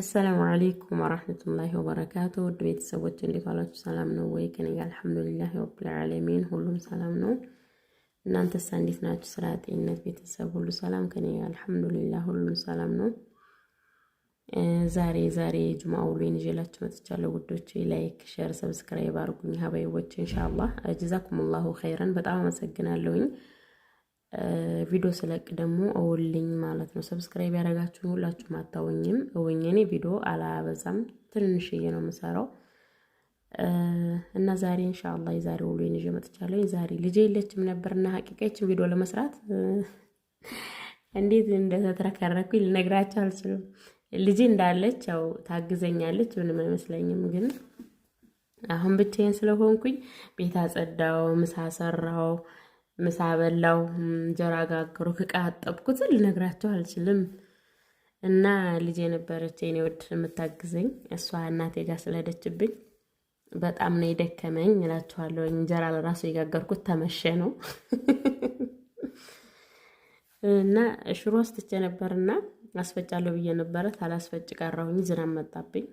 አሰላሙ አለይኩም ወራህመቱላሂ ወበረካቱ። ውድ ቤተሰቦች እንዴት ዋላችሁ? ሰላም ነው ወይ? ከኔ ጋር አልሐምዱሊላሂ ረብል ዓለሚን ሁሉም ሰላም ነው። እናንተስ እንዴት ናችሁ? ስራ፣ ጤንነት፣ ቤተሰብ ሁሉ ሰላም? ከኔ ጋር አልሐምዱሊላሂ ሁሉም ሰላም ነው። ዛሬ ዛሬ ጁማ ውሎዬን ይዤላችሁ መጥቻለሁ ውዶቼ። ላይክ፣ ሼር፣ ሰብስክራይብ አድርጉኝ እንሻላ ኢንሻአላህ ላሁ ኸይረን። በጣም አመሰግናለሁኝ። ቪዲዮ ስለቅ ደግሞ እውልኝ ማለት ነው። ሰብስክራይብ ያደረጋችሁ ሁላችሁም አታውኝም እውኝ። እኔ ቪዲዮ አላበዛም ትንሽዬ ነው የምሰራው እና ዛሬ እንሻላ የዛሬ ውሎ ይዤ መጥቻለሁ። ዛሬ ልጄ የለችም ነበርና ሀቂቃችን ቪዲዮ ለመስራት እንዴት እንደተትረከረኩኝ ልነግራቸው አልችልም። ልጄ እንዳለች ያው ታግዘኛለች፣ ምንም አይመስለኝም። ግን አሁን ብቻዬን ስለሆንኩኝ ቤት አጸዳው፣ ምሳ ሰራው ምሳ በላው፣ እንጀራ ጋግሮ ከቃጠብኩት ልነግራቸው አልችልም። እና ልጅ የነበረች የኔ ወድ የምታግዘኝ እሷ እናቴ ጋር ስለሄደችብኝ በጣም ነው የደከመኝ እላችኋለሁ። እንጀራ ለራሱ የጋገርኩት ተመሸ ነው እና ሽሮ አስጥቼ ነበርና አስፈጫለሁ ብዬ ነበረ ታላስፈጭ ቀረሁኝ። ዝናብ መጣብኝ።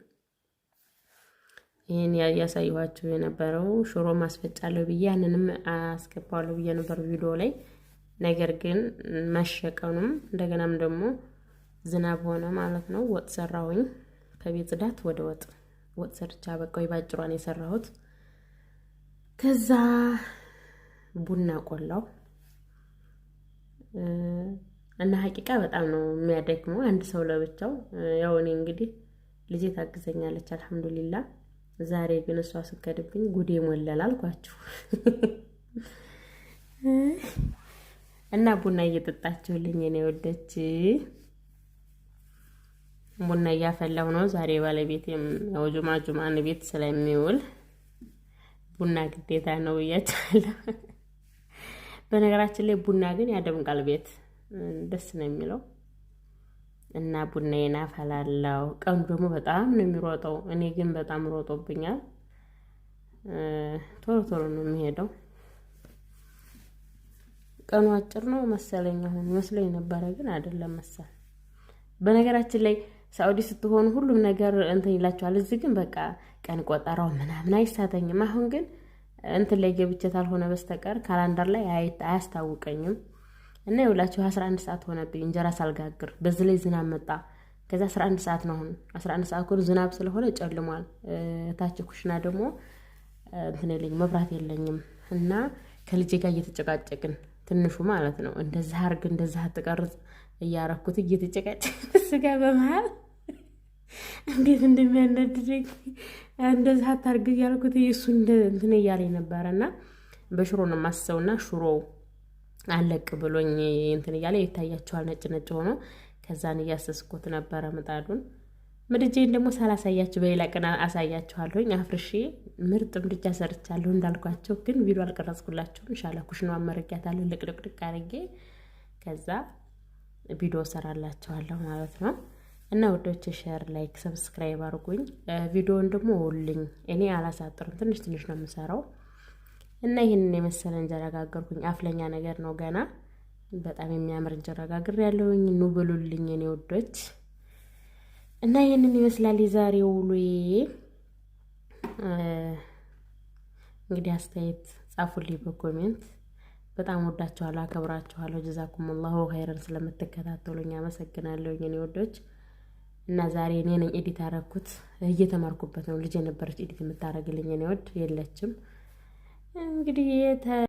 ይህን ያሳየኋችሁ የነበረው ሽሮ ማስፈጫለሁ ብዬ ያንንም አስገባዋለሁ ብዬ ነበር ቪዲዮ ላይ። ነገር ግን መሸቀኑም እንደገናም ደግሞ ዝናብ ሆነ ማለት ነው። ወጥ ሰራሁኝ ከቤት ጽዳት ወደ ወጥ ወጥ ሰርቻ በቃ ባጭሯን የሰራሁት። ከዛ ቡና ቆላው እና ሀቂቃ በጣም ነው የሚያደክመው አንድ ሰው ለብቻው። ያው እኔ እንግዲህ ልጄ ታግዘኛለች አልሐምዱሊላህ። ዛሬ ግን እሷ ስከድብኝ ጉዴ ሞላል አልኳችሁ። እና ቡና እየጠጣችሁልኝ እኔ ወደች ቡና እያፈላሁ ነው። ዛሬ ባለቤቴም ያው ጁማ ጁማን ቤት ስለሚውል ቡና ግዴታ ነው ብያችኋለሁ። በነገራችን ላይ ቡና ግን ያደምቃል ቤት ደስ ነው የሚለው። እና ቡናዬን አፈላለሁ። ቀኑ ደግሞ በጣም ነው የሚሮጠው። እኔ ግን በጣም ሮጦብኛል። ቶሎ ቶሎ ነው የሚሄደው። ቀኑ አጭር ነው መሰለኝ አሁን ይመስለኝ ነበረ፣ ግን አይደለም መሰል። በነገራችን ላይ ሳኡዲ ስትሆኑ ሁሉም ነገር እንትን ይላችኋል። እዚህ ግን በቃ ቀን ቆጠራው ምናምን አይሳተኝም። አሁን ግን እንትን ላይ ገብቼ ካልሆነ በስተቀር ካላንደር ላይ አያስታውቀኝም። እና ይውላችሁ 11 ሰዓት ሆነብኝ እንጀራ ሳልጋግር፣ በዚ ላይ ዝናብ መጣ። ከዚ 11 ሰዓት ነው አሁን 11 ሰዓት ኮር ዝናብ ስለሆነ ጨልሟል። ታች ኩሽና ደግሞ እንትን የለኝም መብራት የለኝም እና ከልጄ ጋር እየተጨቃጨቅን ትንሹ ማለት ነው እንደዚህ አርግ እንደዚህ አትቀርጽ እያረኩት እየተጨቃጨቅ ስጋ በመሀል እንዴት እንደሚያነድደኝ እንደዚህ አታርግ እያልኩት እሱ እንትን እያለኝ ነበረ እና በሽሮ ነው የማስሰውና ሽሮው አለቅ ብሎኝ እንትን እያለ ይታያቸዋል ነጭ ነጭ ሆኖ። ከዛን እያሰስኩት ነበረ ምጣዱን። ምድጃዬን ደግሞ ሳላሳያችሁ በሌላ ቀን አሳያችኋለሁኝ። አፍርሼ ምርጥ ምድጃ ሰርቻለሁ እንዳልኳቸው፣ ግን ቪዲዮ አልቀረጽኩላችሁም። እንሻላ ኩሽና አመረጊያታለሁ ልቅልቅልቅ አድርጌ ከዛ ቪዲዮ ሰራላችኋለሁ ማለት ነው። እና ወዶች ሼር፣ ላይክ፣ ሰብስክራይብ አድርጉኝ። ቪዲዮውን ደግሞ ውልኝ እኔ አላሳጥርም፣ ትንሽ ትንሽ ነው የምሰራው እና ይህንን የመሰለ እንጀራ ጋገርኩኝ። አፍለኛ ነገር ነው ገና በጣም የሚያምር እንጀራ ጋግር ያለውኝ ኑ ብሉልኝ እኔ ወዶች። እና ይህንን ይመስላል የዛሬ ውሎዬ። እንግዲህ አስተያየት ጻፉልኝ በኮሜንት። በጣም ወዳችኋለሁ፣ አከብራችኋለሁ። ጀዛኩም አላሁ ኸይረን ስለምትከታተሉኝ አመሰግናለሁ እኔ ወዶች። እና ዛሬ እኔ ነኝ ኤዲት አረኩት፣ እየተማርኩበት ነው። ልጅ የነበረች ኤዲት የምታደርግልኝ እኔ ወድ የለችም። እንግዲህ